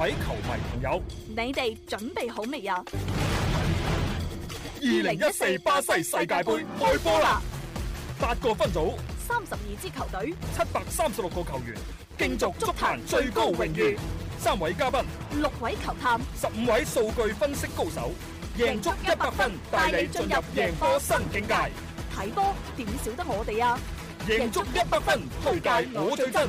各位球迷朋友，你哋準備好未啊？二零一四巴西世界杯開波啦！八個分組，三十二支球隊，七百三十六個球員，競逐足壇最高榮譽。三位嘉賓，六位球探，十五位數據分析高手，贏足一百分，帶你進入贏波新境界。睇波點少得我哋啊！贏足一百分推介我最真。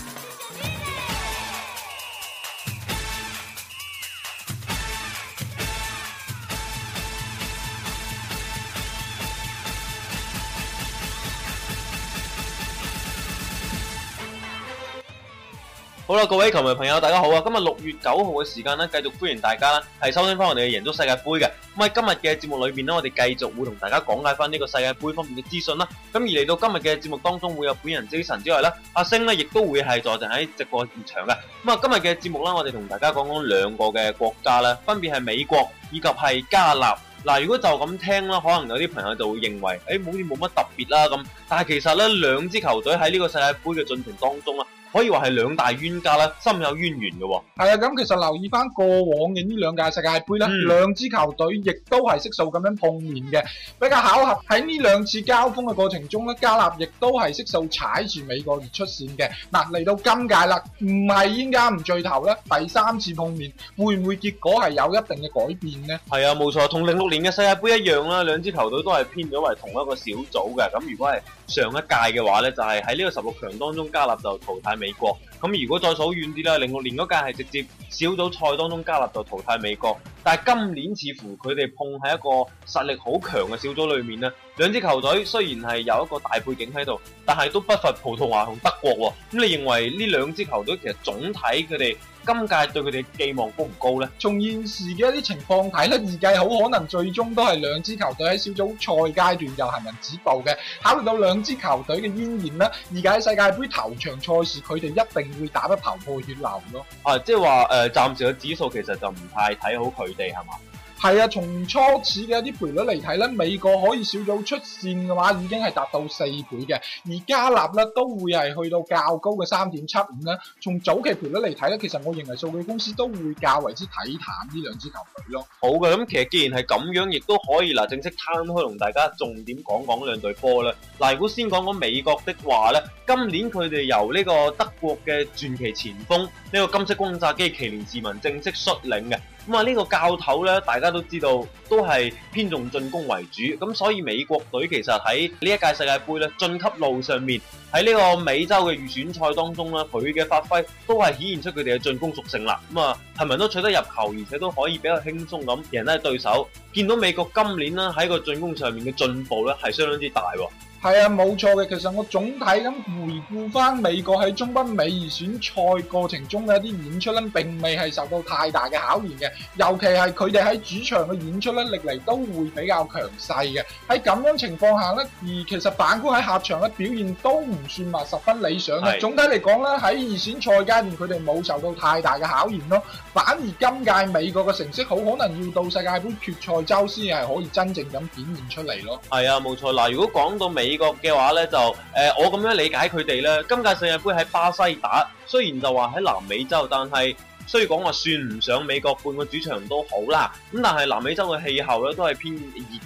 好啦，各位球迷朋友，大家好啊！今日六月九號嘅時間咧，繼續歡迎大家啦，係收聽翻我哋嘅《贏足世界杯》嘅。咁喺今日嘅節目裏面咧，我哋繼續會同大家講解翻呢個世界杯方面嘅資訊啦。咁而嚟到今日嘅節目當中，會有本人精神之外咧，阿星咧亦都會係坐陣喺直播現場嘅。咁啊，今日嘅節目咧，我哋同大家講講兩個嘅國家啦，分別係美國以及係加納。嗱，如果就咁聽啦，可能有啲朋友就會認為，誒、欸，好似冇乜特別啦咁。但係其實咧，兩支球隊喺呢個世界杯嘅進程當中啊。可以話係兩大冤家啦，心有淵源嘅喎、哦。係啊，咁其實留意翻過往嘅呢兩屆世界杯啦，兩、嗯、支球隊亦都係悉數咁樣碰面嘅。比較巧合喺呢兩次交鋒嘅過程中咧，加納亦都係悉數踩住美國而出線嘅。嗱、啊，嚟到今屆啦，唔係冤家唔聚頭咧，第三次碰面會唔會結果係有一定嘅改變呢？係啊，冇錯，同零六年嘅世界杯一樣啦，兩支球隊都係編咗為同一個小組嘅。咁如果係上一屆嘅話咧，就係喺呢個十六強當中加納就淘汰。美國，咁如果再數遠啲啦，零六年嗰屆係直接小組賽當中加納就淘汰美國，但係今年似乎佢哋碰喺一個實力好強嘅小組裏面，呢兩支球隊雖然係有一個大背景喺度，但係都不乏葡萄牙同德國喎，咁你認為呢兩支球隊其實總體佢哋？今屆對佢哋嘅寄望高唔高呢？從現時嘅一啲情況睇咧，預計好可能最終都係兩支球隊喺小組賽階段又行人止步嘅。考慮到兩支球隊嘅淵源，啦，而家喺世界杯頭場賽事，佢哋一定會打得頭破血流咯。啊，即係話誒，暫時嘅指數其實就唔太睇好佢哋，係嘛？係啊，從初始嘅一啲賠率嚟睇咧，美國可以小組出線嘅話，已經係達到四倍嘅，而加納咧都會係去到較高嘅三點七五咧。從早期賠率嚟睇咧，其實我認為數據公司都會較為之睇淡呢兩支球隊咯。好嘅，咁其實既然係咁樣，亦都可以嗱，正式攤開同大家重點講講兩隊波咧。嗱，如果先講講美國的話咧，今年佢哋由呢個德國嘅傳奇前鋒呢、呢個金色轟炸機奇連治文正式率領嘅。咁啊，呢個教頭咧，大家都知道都係偏重進攻為主，咁所以美國隊其實喺呢一屆世界盃咧，進級路上面，喺呢個美洲嘅預選賽當中咧，佢嘅發揮都係顯現出佢哋嘅進攻屬性啦。咁啊，係咪都取得入球，而且都可以比較輕鬆咁贏得對手？見到美國今年啦喺個進攻上面嘅進步咧係相當之大喎。係啊，冇錯嘅。其實我總體咁回顧翻美國喺中北美預選賽過程中嘅一啲演出咧，並未係受到太大嘅考驗嘅。尤其係佢哋喺主場嘅演出咧，歷嚟都會比較強勢嘅。喺咁樣情況下咧，而其實反觀喺客場嘅表現都唔算話十分理想嘅。總體嚟講咧，喺預選賽階段佢哋冇受到太大嘅考驗咯。反而今屆美國嘅成績好可能要到世界盃決賽周先係可以真正咁展現出嚟咯。係啊，冇錯。嗱，如果講到美美國嘅話咧就，誒、呃、我咁樣理解佢哋咧。今屆世界杯喺巴西打，雖然就話喺南美洲，但係。雖然講話算唔上美國半個主場都好啦，咁但係南美洲嘅氣候咧都係偏熱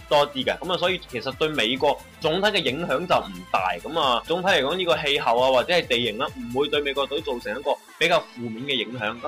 多啲嘅，咁啊所以其實對美國總體嘅影響就唔大，咁啊總體嚟講呢個氣候啊或者係地形啦，唔會對美國隊造成一個比較負面嘅影響。咁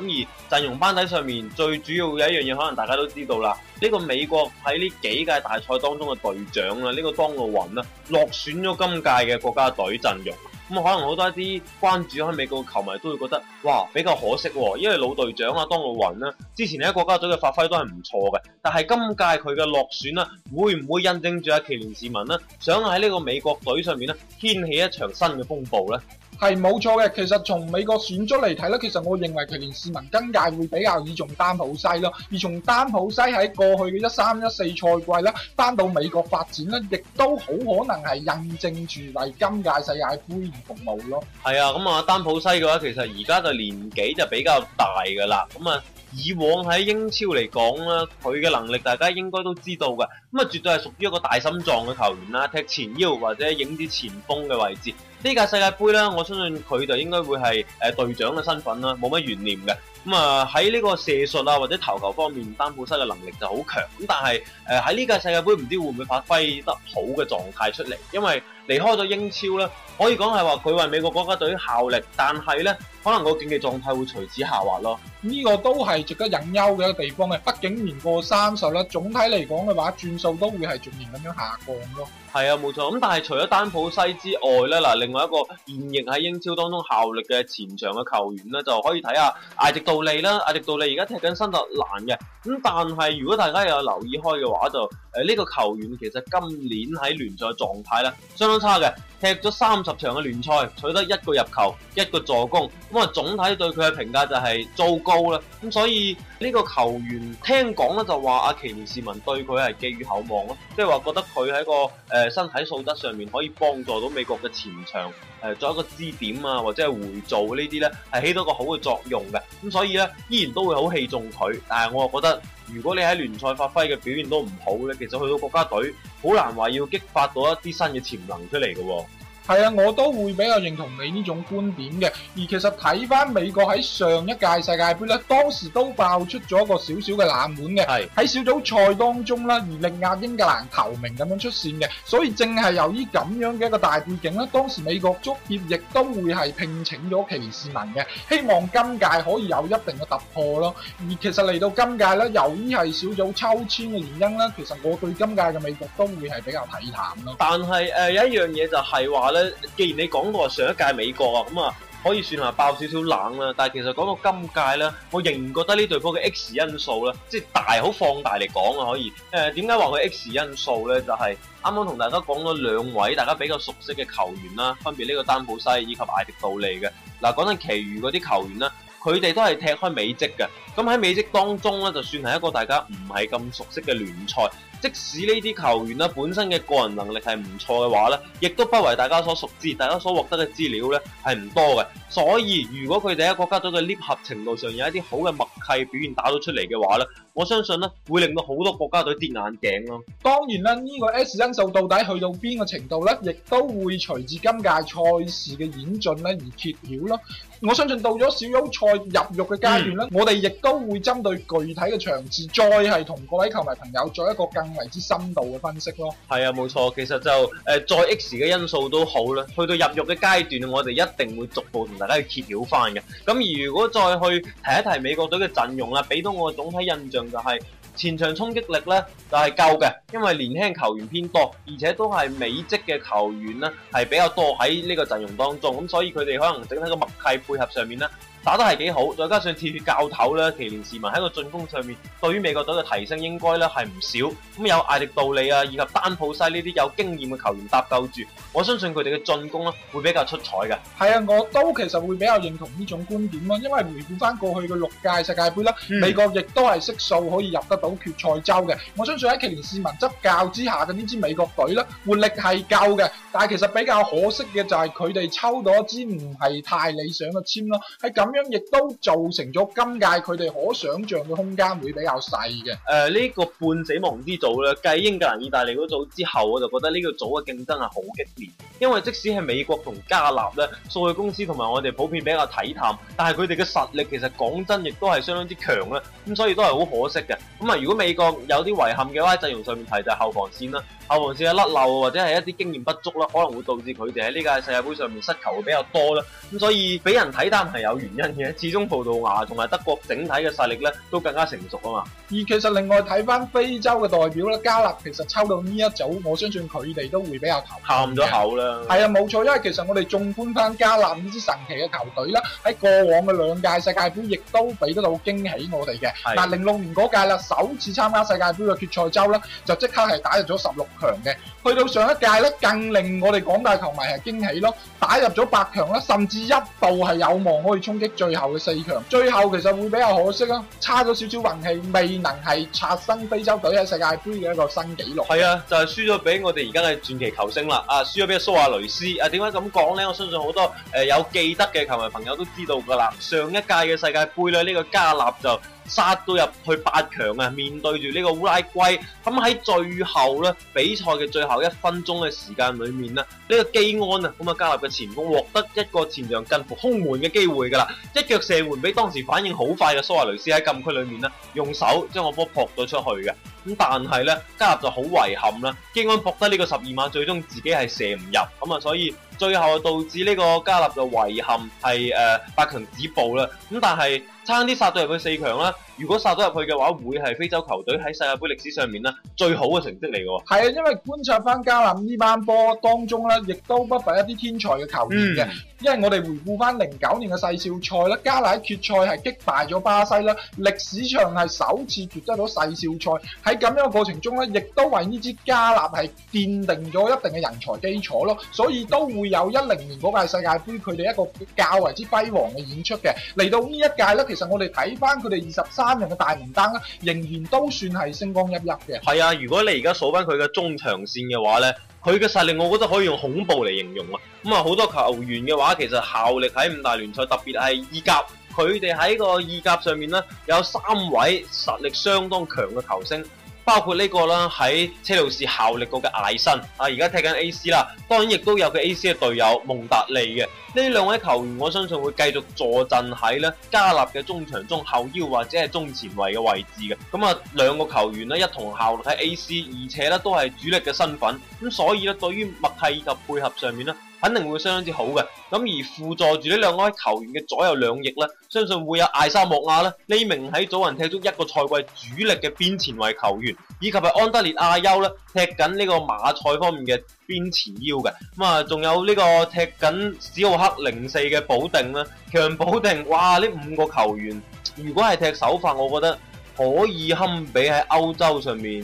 而陣容班底上面最主要有一樣嘢，可能大家都知道啦，呢個美國喺呢幾屆大賽當中嘅隊長啊，呢個當路雲啊落選咗今屆嘅國家隊陣容。咁可能好多一啲關注喺美國嘅球迷都會覺得，哇比較可惜喎，哦，因為老隊長啊當老雲啦，之前喺國家隊嘅發揮都係唔錯嘅，但係今屆佢嘅落選啦，會唔會印證住阿奇連士文呢？想喺呢個美國隊上面咧掀起一場新嘅風暴呢？係冇錯嘅，其實從美國選咗嚟睇咧，其實我認為佢年市民今屆會比較倚重丹普西咯，而從丹普西喺過去嘅一三一四賽季咧，翻到美國發展咧，亦都好可能係印證住為今屆世界杯而服務咯。係啊，咁、嗯、啊，丹普西嘅話，其實而家嘅年紀就比較大噶啦，咁、嗯、啊，以往喺英超嚟講咧，佢嘅能力大家應該都知道噶，咁、嗯、啊，絕對係屬於一個大心臟嘅球員啦，踢前腰或者影子前鋒嘅位置。呢屆世界杯啦，我相信佢就應該會係誒隊長嘅身份啦，冇乜懸念嘅。咁啊喺呢個射術啊或者投球方面，丹普西嘅能力就好強。咁但係誒喺呢屆世界杯唔知會唔會發揮得好嘅狀態出嚟，因為。離開咗英超啦，可以講係話佢為美國國家隊效力，但係咧可能個競技狀態會隨之下滑咯。呢個都係值得隱憂嘅一個地方嘅，畢竟年過三十啦，總體嚟講嘅話，轉數都會係逐年咁樣下降咯。係啊，冇錯。咁但係除咗丹普西之外咧，嗱另外一個現役喺英超當中效力嘅前場嘅球員咧，就可以睇下艾迪杜利啦。艾迪杜利而家踢緊新特蘭嘅，咁但係如果大家有留意開嘅話，就誒呢個球員其實今年喺聯賽狀態咧，相差嘅踢咗三十場嘅聯賽，取得一個入球，一個助攻。咁啊，總體對佢嘅評價就係糟糕啦。咁所以呢個球員聽講咧，就話阿奇士文對佢係寄予厚望咯，即係話覺得佢喺個誒身體素質上面可以幫助到美國嘅前場。作一個支點啊，或者係回做呢啲咧，係起到個好嘅作用嘅。咁所以咧，依然都會好器重佢。但係我又覺得，如果你喺聯賽發揮嘅表現都唔好咧，其實去到國家隊，好難話要激發到一啲新嘅潛能出嚟嘅啊。係啊，我都會比較認同你呢種觀點嘅。而其實睇返美國喺上一屆世界盃咧，當時都爆出咗一個小小嘅冷門嘅，係，喺小組賽當中啦，而力壓英格蘭頭名咁樣出線嘅。所以正係由於咁樣嘅一個大背景咧，當時美國足協亦都會係聘請咗奇連士文嘅，希望今屆可以有一定嘅突破咯。而其實嚟到今屆咧，由於係小組抽籤嘅原因咧，其實我對今屆嘅美國都會係比較睇淡咯。但係誒，有一樣嘢就係話既然你講到話上一屆美國啊，咁啊可以算係爆少少冷啦。但係其實講到今屆咧，我仍覺得呢隊波嘅 X 因素咧，即係大好放大嚟講啊，可以。誒、呃，點解話佢 X 因素咧？就係啱啱同大家講咗兩位大家比較熟悉嘅球員啦，分別呢個丹普西以及艾迪杜利嘅。嗱、啊，講緊其餘嗰啲球員啦，佢哋都係踢開美職嘅。咁喺美職當中咧，就算係一個大家唔係咁熟悉嘅聯賽。即使呢啲球員啦，本身嘅個人能力係唔錯嘅話，咧，亦都不為大家所熟知，大家所獲得嘅資料咧係唔多嘅。所以如果佢哋喺國家隊嘅配合程度上有一啲好嘅默契表現打到出嚟嘅話，咧，我相信咧會令到好多國家隊跌眼鏡。咯。當然啦，呢個 S 因素到底去到邊個程度咧，亦都會隨住今屆賽事嘅演進咧而揭曉。咯。我相信到咗小組賽入獄嘅階段咧，我哋亦都會針對具體嘅場次再係同各位球迷朋友做一個。更。為之深度嘅分析咯，係啊，冇錯，其實就誒、呃、再 X 嘅因素都好啦，去到入獄嘅階段，我哋一定會逐步同大家去揭曉番嘅。咁而如果再去提一提美國隊嘅陣容啦，俾到我嘅總體印象就係、是、前場衝擊力咧就係夠嘅，因為年輕球員偏多，而且都係美籍嘅球員啦，係比較多喺呢個陣容當中，咁所以佢哋可能整體個默契配合上面呢。打得係幾好，再加上鐵血教頭咧，奇連士文喺個進攻上面對於美國隊嘅提升應該咧係唔少。咁有艾力道里啊，以及丹普西呢啲有經驗嘅球員搭救住，我相信佢哋嘅進攻咧會比較出彩嘅。係啊，我都其實會比較認同呢種觀點啦，因為回顧翻過去嘅六屆世界杯啦，嗯，美國亦都係悉數可以入得到決賽周嘅。我相信喺奇連士文執教之下嘅呢支美國隊咧，活力係夠嘅，但係其實比較可惜嘅就係佢哋抽到一支唔係太理想嘅簽咯。喺咁亦都造成咗今屆佢哋可想象嘅空間會比較細嘅、呃。誒，呢個半死亡之組咧，繼英格蘭、意大利嗰組之後，我就覺得呢個組嘅競爭係好激烈。因為即使係美國同加納咧，數據公司同埋我哋普遍比較睇淡，但係佢哋嘅實力其實講真亦都係相當之強咧。咁所以都係好可惜嘅。咁啊，如果美國有啲遺憾嘅話，喺陣容上面提就係後防線啦。後防線嘅甩漏或者係一啲經驗不足啦，可能會導致佢哋喺呢屆世界杯上面失球會比較多啦。咁所以俾人睇單係有原因嘅，始終葡萄牙同埋德國整體嘅實力咧都更加成熟啊嘛。而其實另外睇翻非洲嘅代表咧，加納其實抽到呢一組，我相信佢哋都會比較求。喊咗口啦。係啊，冇錯，因為其實我哋縱觀翻加納呢支神奇嘅球隊啦，喺過往嘅兩屆世界盃亦都俾到好驚喜我哋嘅。嗱，零六年嗰屆啦，首次參加世界盃嘅決賽週啦，就即刻係打入咗十六。強嘅，去到上一屆咧，更令我哋廣大球迷係驚喜咯，打入咗八強啦，甚至一度係有望可以衝擊最後嘅四強，最後其實會比較可惜啦，差咗少少運氣，未能係刷新非洲隊喺世界杯嘅一個新紀錄。係啊，就係輸咗俾我哋而家嘅傳奇球星啦，啊，輸咗俾蘇亞雷斯啊，點解咁講呢？我相信好多誒有記得嘅球迷朋友都知道噶啦，上一屆嘅世界杯咧呢個加納就。殺到入去八強啊！面對住呢個烏拉圭，咁喺最後咧比賽嘅最後一分鐘嘅時間裏面呢，呢個基安啊，咁啊加納嘅前鋒獲得一個前場近乎空門嘅機會噶啦，一腳射門俾當時反應好快嘅蘇華雷斯喺禁區裏面咧用手將個波撲咗出去嘅，咁但係咧加納就好遺憾啦，基安撲得呢個十二碼，最終自己係射唔入，咁啊所以最後導致呢個加納嘅遺憾係誒八強止步啦，咁但係。差啲殺到入去四強啦！如果殺咗入去嘅話，會係非洲球隊喺世界盃歷史上面咧最好嘅成績嚟嘅喎。係啊，因為觀察翻加納呢班波當中咧，亦都不乏一啲天才嘅球員嘅、嗯。因為我哋回顧翻零九年嘅世少賽啦，加納喺決賽係擊敗咗巴西啦，歷史上係首次奪得到世少賽。喺咁樣嘅過程中咧，亦都為呢支加納係奠定咗一定嘅人才基礎咯。所以都會有一零年嗰屆世界盃佢哋一個較為之輝煌嘅演出嘅。嚟到呢一屆咧，其實我哋睇翻佢哋二十三三人嘅大名單咧，仍然都算係星光熠熠嘅。係啊，如果你而家數返佢嘅中場線嘅話咧，佢嘅實力我覺得可以用恐怖嚟形容啊。咁啊，好多球員嘅話，其實效力喺五大聯賽，特別係意甲，佢哋喺個意甲上面咧，有三位實力相當強嘅球星。包括呢個啦，喺車路士效力過嘅艾辛，啊，而家踢緊 A.C. 啦，當然亦都有佢 A.C. 嘅隊友蒙達利嘅。呢兩位球員，我相信會繼續坐鎮喺咧加納嘅中場中後腰或者係中前衛嘅位置嘅。咁啊，兩個球員咧一同效力喺 A.C.，而且咧都係主力嘅身份。咁所以咧，對於默契及配合上面咧，肯定會相當之好嘅，咁而輔助住呢兩位球員嘅左右兩翼呢，相信會有艾沙莫亞啦。呢名喺祖雲踢足一個賽季主力嘅邊前衛球員，以及係安德烈阿優啦，踢緊呢個馬賽方面嘅邊前腰嘅，咁啊仲有呢個踢緊史奧克零四嘅保定啦，強保定，哇，呢五個球員如果係踢手法，我覺得可以堪比喺歐洲上面，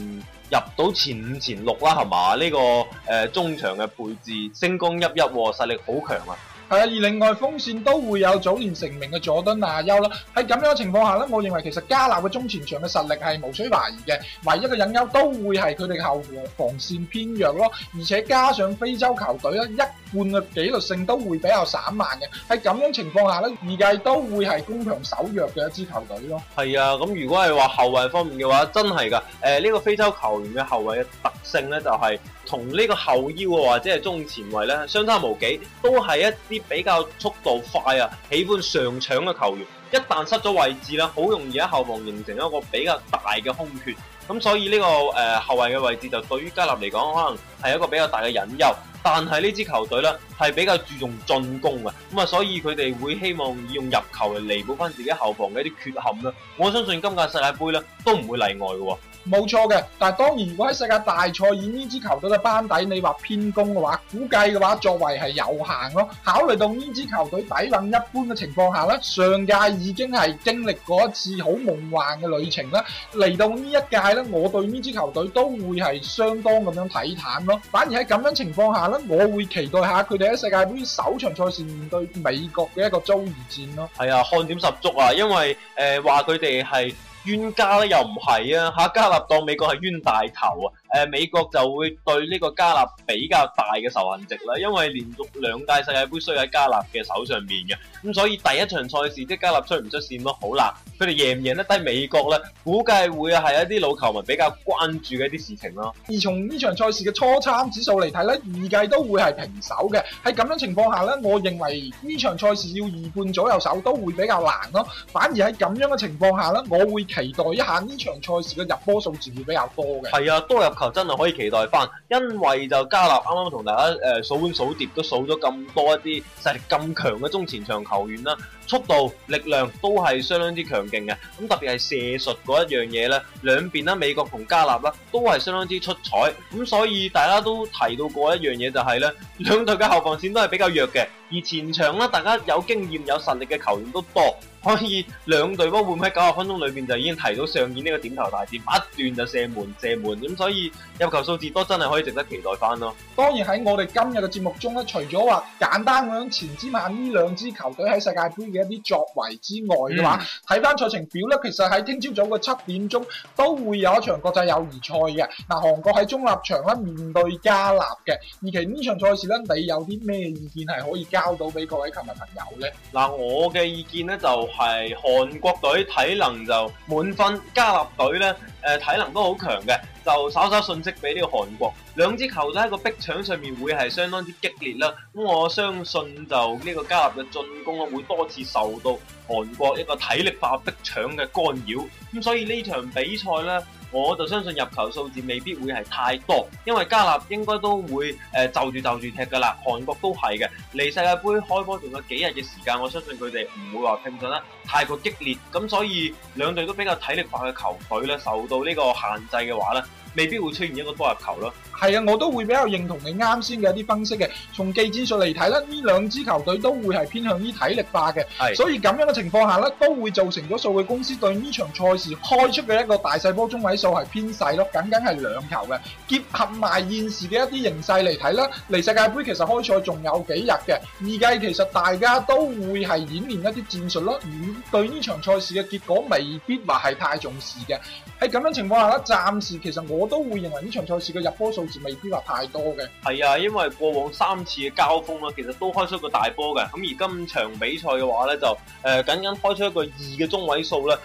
入到前五前六啦，係嘛？呢、這個誒、呃、中場嘅配置，星光熠熠，實力好強啊！係啊，而另外鋒線都會有早年成名嘅佐敦亞優啦。喺咁樣嘅情況下呢，我認為其實加納嘅中前場嘅實力係無需懷疑嘅。唯一嘅隱憂都會係佢哋後防防線偏弱咯。而且加上非洲球隊咧，一貫嘅紀律性都會比較散漫嘅。喺咁樣的情況下呢，預計都會係攻強守弱嘅一支球隊咯。係啊，咁如果係話後衛方面嘅話，真係噶。誒、呃、呢、呢個非洲球員嘅後衛嘅特性呢，就係同呢個後腰啊或者係中前衛呢相差無幾，都係一啲比較速度快啊，喜歡上搶嘅球員，一旦失咗位置啦，好容易喺後防形成一個比較大嘅空缺。咁所以呢、呢個誒、呃、後衛嘅位置就對於加納嚟講，可能係一個比較大嘅隱憂。但係呢支球隊咧係比較注重進攻嘅，咁啊，所以佢哋會希望以用入球嚟彌補翻自己後防嘅一啲缺陷啦。我相信今屆世界杯咧都唔會例外嘅。冇錯嘅，但係當然，如果喺世界大賽以呢支球隊嘅班底，你話偏攻嘅話，估計嘅話作為係有限咯。考慮到呢支球隊底蘊一般嘅情況下咧，上屆已經係經歷過一次好夢幻嘅旅程啦。嚟到呢一屆咧，我對呢支球隊都會係相當咁樣睇淡咯。反而喺咁樣情況下咧，我會期待一下佢哋喺世界盃首場賽事面對美國嘅一個遭遇戰咯。係啊，看點十足啊，因為誒話佢哋係。呃冤家啦，又唔係啊嚇，加納當美國係冤大頭啊！誒美國就會對呢個加納比較大嘅仇恨值啦，因為連續兩屆世界盃輸喺加納嘅手上面嘅，咁所以第一場賽事即加納出唔出線咯，好啦，佢哋贏唔贏得低美國呢，估計會係一啲老球迷比較關注嘅一啲事情咯。而從呢場賽事嘅初參指數嚟睇呢，預計都會係平手嘅。喺咁樣的情況下呢，我認為呢場賽事要二半左右手都會比較難咯。反而喺咁樣嘅情況下呢，我會期待一下呢場賽事嘅入波數字會比較多嘅。係啊，多入球真係可以期待翻，因為就加納啱啱同大家誒數、呃、碗數碟，都數咗咁多一啲實力咁強嘅中前場球員啦，速度、力量都係相當之強勁嘅。咁特別係射術嗰一樣嘢咧，兩邊啦，美國同加納啦都係相當之出彩。咁所以大家都提到過一樣嘢，就是，就係咧兩隊嘅後防線都係比較弱嘅，而前場咧，大家有經驗有實力嘅球員都多。可以兩隊波會喺九十分鐘裏邊就已經提到上演呢個點球大戰，不斷就射門射門，咁所以入球數字都真係可以值得期待翻咯。當然喺我哋今日嘅節目中咧，除咗話簡單咁前瞻下呢兩支球隊喺世界盃嘅一啲作為之外嘅話，睇、嗯、翻賽程表咧，其實喺聽朝早嘅七點鐘都會有一場國際友誼賽嘅。嗱，韓國喺中立場啦面對加納嘅，而其實呢場賽事咧，你有啲咩意見係可以交到俾各位球迷朋友呢？嗱，我嘅意見咧就～係韓國隊體能就滿分，加納隊咧誒、呃、體能都好強嘅，就稍稍信息俾呢個韓國，兩支球喺個逼搶上面會係相當之激烈啦。咁我相信就呢個加納嘅進攻啊，會多次受到韓國一個體力化逼搶嘅干擾。咁所以呢場比賽咧。我就相信入球數字未必會係太多，因為加納應該都會誒、呃、就住就住踢噶啦，韓國都係嘅。離世界盃開波仲有幾日嘅時間，我相信佢哋唔會話拼盡啦，太過激烈。咁所以兩隊都比較體力化嘅球隊咧，受到呢個限制嘅話咧。未必會出現一個多入球咯。係啊，我都會比較認同你啱先嘅一啲分析嘅。從技戰術嚟睇咧，呢兩支球隊都會係偏向於體力化嘅。係，所以咁樣嘅情況下呢，都會造成咗數據公司對呢場賽事開出嘅一個大細波中位數係偏細咯，僅僅係兩球嘅。結合埋現時嘅一啲形勢嚟睇咧，離世界盃其實開賽仲有幾日嘅。預計其實大家都會係演練一啲戰術咯，而對呢場賽事嘅結果未必話係太重視嘅。喺咁樣的情況下呢，暫時其實我。我都會認為呢場賽事嘅入波數字未必話太多嘅。係啊，因為過往三次嘅交鋒啦，其實都開出一個大波嘅。咁而今場比賽嘅話咧，就誒僅僅開出一個二嘅中位數啦。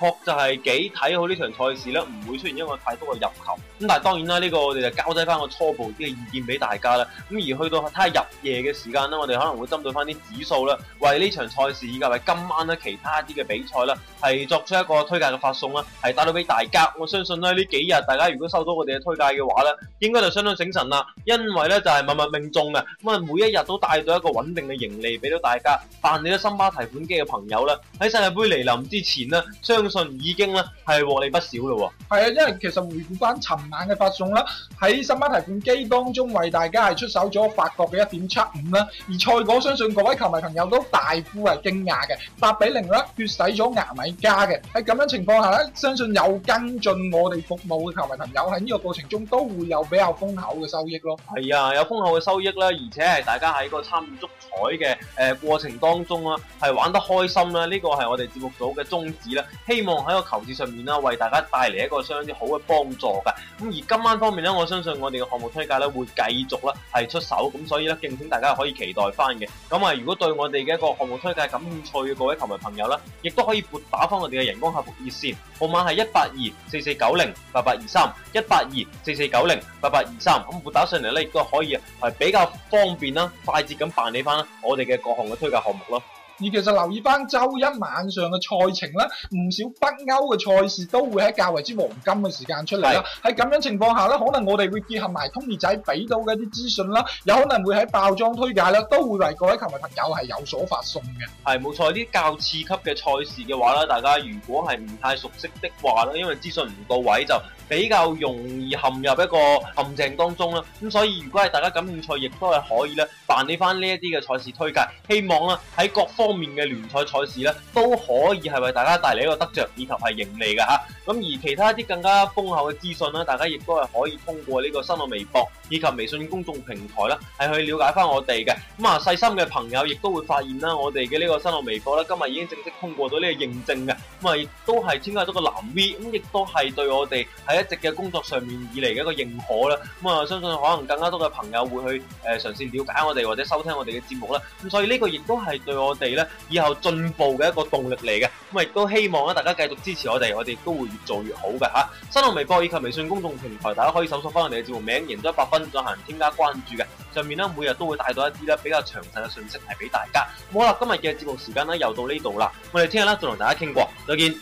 確就係幾睇好，呢場賽事咧，唔會出現因為太多嘅入球。咁但係當然啦，呢、這個我哋就交低翻個初步啲嘅意見俾大家啦。咁而去到睇下入夜嘅時間咧，我哋可能會針對翻啲指數啦，為呢場賽事以及為今晚咧其他啲嘅比賽啦，係作出一個推介嘅發送啦，係帶到俾大家。我相信咧呢幾日大家如果收到我哋嘅推介嘅話咧，應該就相當醒神啦。因為咧就係默默命中嘅，咁啊每一日都帶咗一個穩定嘅盈利俾到大家。辦理咗森巴提款機嘅朋友啦，喺世界杯來臨之前呢。相相信已經咧係獲利不少咯喎，係啊，因為其實回顧翻尋晚嘅發送啦，喺十蚊提款機當中為大家係出手咗法國嘅一點七五啦，而賽果相信各位球迷朋友都大呼係驚訝嘅八比零咧血洗咗牙買加嘅。喺咁樣的情況下咧，相信有跟進我哋服務嘅球迷朋友喺呢個過程中都會有比較豐厚嘅收益咯。係啊，有豐厚嘅收益啦，而且係大家喺個參與足彩嘅誒過程當中啦，係玩得開心啦，呢、這個係我哋節目組嘅宗旨啦，希。希望喺個球市上面啦，為大家帶嚟一個相當之好嘅幫助噶。咁而今晚方面咧，我相信我哋嘅項目推介咧會繼續咧係出手，咁所以咧敬請大家可以期待翻嘅。咁啊，如果對我哋嘅一個項目推介感興趣嘅各位球迷朋友咧，亦都可以撥打翻我哋嘅人工客服熱線號碼係一八二四四九零八八二三一八二四四九零八八二三。咁撥打上嚟咧亦都可以係比較方便啦，快捷咁辦理翻我哋嘅各項嘅推介項目咯。而其實留意翻週一晚上嘅賽程啦，唔少北歐嘅賽事都會喺較為之黃金嘅時間出嚟啦。喺咁樣的情況下咧，可能我哋會結合埋 Tony 仔俾到嘅啲資訊啦，有可能會喺爆裝推介啦，都會為各位球迷朋友係有所發送嘅。係冇錯，啲較次級嘅賽事嘅話咧，大家如果係唔太熟悉的話咧，因為資訊唔到位就比較容易陷入一個陷阱當中啦。咁所以如果係大家感興趣，亦都係可以咧辦理翻呢一啲嘅賽事推介，希望啦喺各方面，方面嘅聯賽賽事咧，都可以係為大家帶嚟一個得着以及係盈利嘅吓。咁、啊、而其他啲更加豐厚嘅資訊啦，大家亦都係可以通過呢個新浪微博以及微信公眾平台啦，係去了解翻我哋嘅。咁、嗯、啊，細心嘅朋友亦都會發現啦，我哋嘅呢個新浪微博啦，今日已經正式通過咗呢個認證嘅。咁、嗯、啊，亦都係添加咗個藍 V，咁、嗯、亦都係對我哋喺一直嘅工作上面以嚟嘅一個認可啦。咁、嗯、啊、嗯，相信可能更加多嘅朋友會去誒嘗試了解我哋或者收聽我哋嘅節目啦。咁、嗯、所以呢個亦都係對我哋以後進步嘅一個動力嚟嘅，咁亦都希望咧大家繼續支持我哋，我哋都會越做越好嘅吓。新浪微博以及微信公眾平台，大家可以搜索翻我哋嘅節目名，贏咗一百分進行添加關注嘅。上面咧每日都會帶到一啲咧比較詳細嘅信息係俾大家。好啦，今日嘅節目時間咧又到呢度啦，我哋聽日咧再同大家傾過，再見。